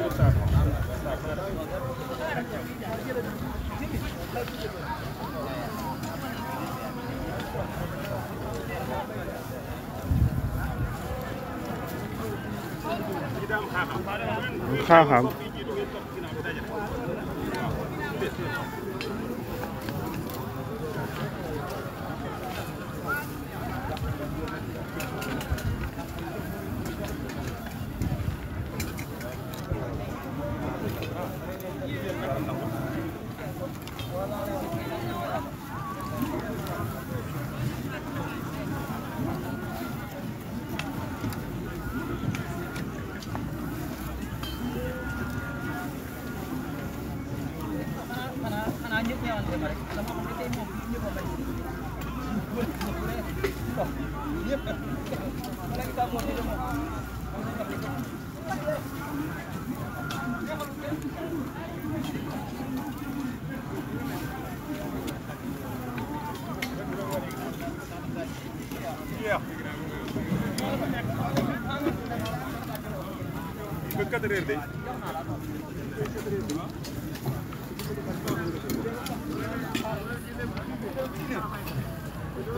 ข้าวครับ nyuk nyon ko mare lama ko te mo nyuk ko mare wala kita mo te mo Yeah. Bekkat edelim. Bekkat edelim.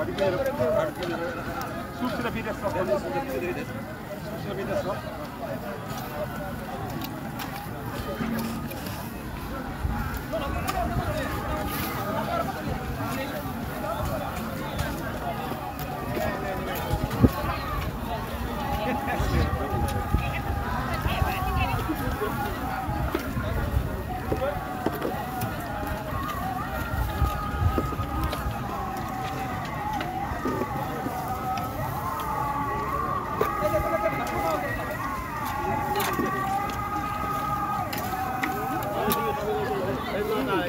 Sul sulla finestra, sulla finestra.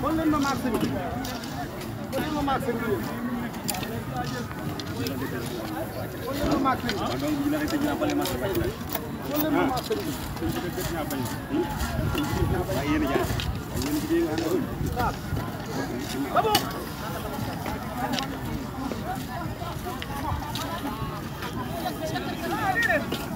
kon leen ma maag sëñ bi kon leen ma maag sëñ bi kon leen ma maag sëñ bi kon leen ma maag sëñ bi babo Thank you.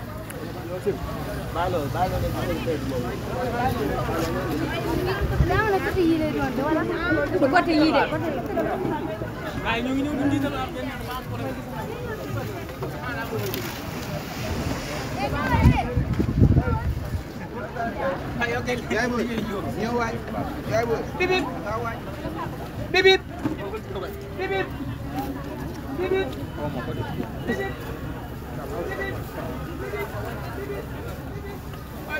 Tim. Balo, balo ni kami temu. Dah nak tu yile tu, dah nak tu buat tu yile. Nah, nyung nyung di dalam apa ni? Bibip, bibip, bibip, bibip, bibip.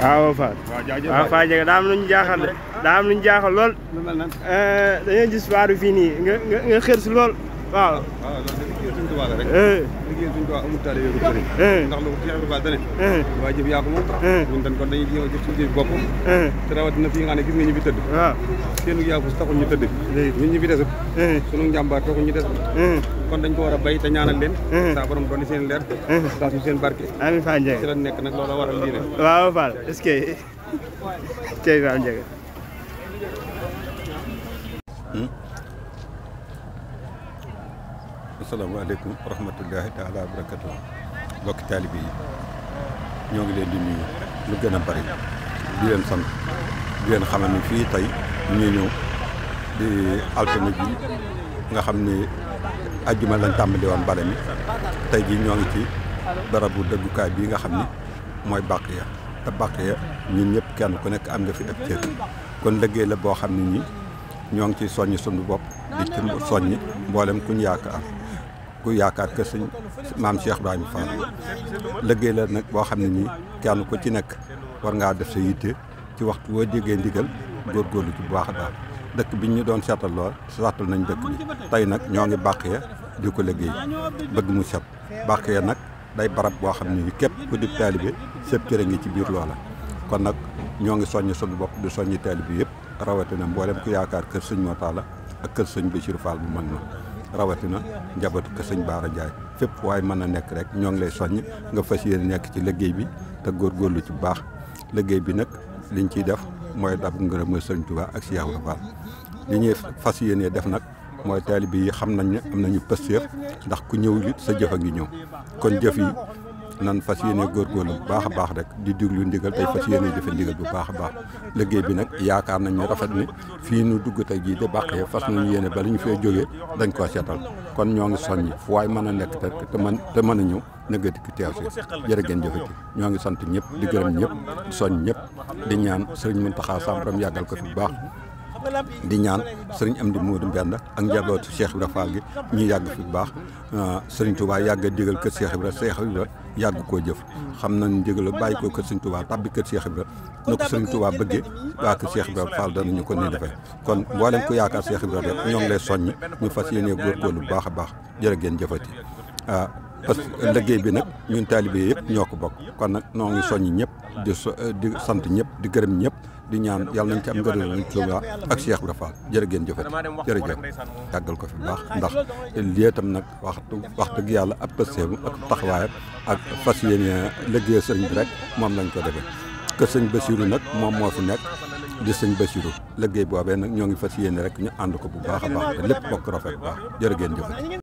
waaw Fane. waaw jaajëf waaw Fane Dieng daa am lu ñu jaaxal de. lu ñu jaaxal lool. Eh, dañoo gis waaru fii nii nga nga si lool. waaw waaw ah, loolu de liggéey suñu tubaab la rek. Eh. liggéey suñu tubaab amul taale eh. ko moom. ñun dañ kon dañuy fii nga xam ne gis nga ñu fi tëdd. waaw seenu yaa ko taxul ñu tëdd. njàmbaar taxul ñu desut. kon dañ ko war a bay te ñaanal leen mhm. sa borom doon seen leer gas mhm. ñu seen barke amiin fa njëg ci la nekk nag loolu waral lii rek waaw faal est-ce que cey fa rahmatullahi taala barakatuh ñoo ngi leen di nuyu lu gën bari di leen sant di leen ñu di altine bi nga xam ajjuma lañ tàmbali woon bare mi tey jii ñoo ngi ci barabu dëggukaay bii nga xam ni mooy bàq ya te bàq ya ñun ñëpp kenn ku nekk am nga fi ab cër kon liggéey la boo xam ne ñi ñoo ngi ciy soññ suñu bopp di ci soññ mboolem kuñ yaakaar ku yaakaar que sëñ maam Cheikh Ibrahima Fall liggéey la nag boo xam ne nii kenn ku ci nekk war ngaa def sa yitte ci waxtu woo déggee ndigal góorgóorlu ci bu baax daal dëkk bi ñu doon seetal lool seetal nañ dëkk bi tey nag ñoo ngi Bakhya di ko liggéey bëgg mu set Bakhya nag day barab boo xam ne képp ku di taalibe sëpp cëre ngi ci biir loola kon nag ñoo ngi soññ suñu bopp di soññi taalibe yëpp rawatina mboolem ku yaakaar kër suñ moo taala ak kër sëñ Bachir Fall bu mag na rawatina njabootu kër sëñ Baara Ndiaye fépp waaye mën a nekk rek ñoo ngi lay soññ nga fas yéen nekk ci liggéey bi te góor góorlu ci bu baax liggéey bi nag liñ ciy def mooy dabu ngërëm mooy sëñ Touba ak si Yàlla Fall li ñuy fas yéenee def nag mooy taalibe yi xam nañ ne am nañu pësteef ndax ku ñëw li sa jëf a ngi ñëw kon jëf yi nan fas yéene góorgóorlu bu baax a baax rek di diglu ndigal tey fas yéene jëfe ndigal bu baax a baax liggéey bi nag yaakaar nañ ne rafet ni fii nu dugg tey jii de bàqee fas nañu yéene ba li ñu fee jógee dañ koo seetal kon ñoo ngi soññi fu waaye mën a nekk te mën te mën a ñëw nëgga dikk teew si jërë ngeen jëfati ñoo ngi sant ñëpp di gërëm ñëpp soñ ñëpp di ñaan sëriñ Muntaxa Samb yàggal ko fi bu baax di ñaan sëriñ Amdi Moodu Mbenda ak njabootu Cheikh Ibra Fall gi ñu yàgg fi bu baax euh, sëriñ Touba yàgg a digal kër Cheikh Ibra Cheikh Ibra yàgg koo jëf xam nañ ndigal bàyyi ko kër sëriñ Touba tàbbi kër Cheikh Ibra na ko sëriñ Touba bëggee waa kër Cheikh Ibra Fall danañu ko ni defee kon mboolem ku yaakaar Cheikh Ibra rek ñoo ngi lay soññ ñu fas yéenee góorgóorlu bu baax a baax jërë ngeen jëfati euh, parce que liggéey bi nag ñun taalibe yëpp ñoo ko bokk kon nag noo ngi soññ ñëpp di di sant ñëpp di gërëm ñëpp di ñaan yàlla nañ ci am ngërëm lañ Tuuba ak Cheikh Ibra a jërë ngeen jëfat jërëjëf yàggal ko fi baax ndax lii itam nag waxtu waxtu gi yàlla ab pëseemu ak taxawaayam ak fas yéene liggéey sëñ bi rek moom lañ ko defee que sëñ Bassirou nag moom moo fi nekk di sëñ Bassirou liggéey boobee nag ñoo ngi fas yéene rek ñu ànd ko bu baax a baax te lépp ko rafet bu baax jërë ngeen jëfat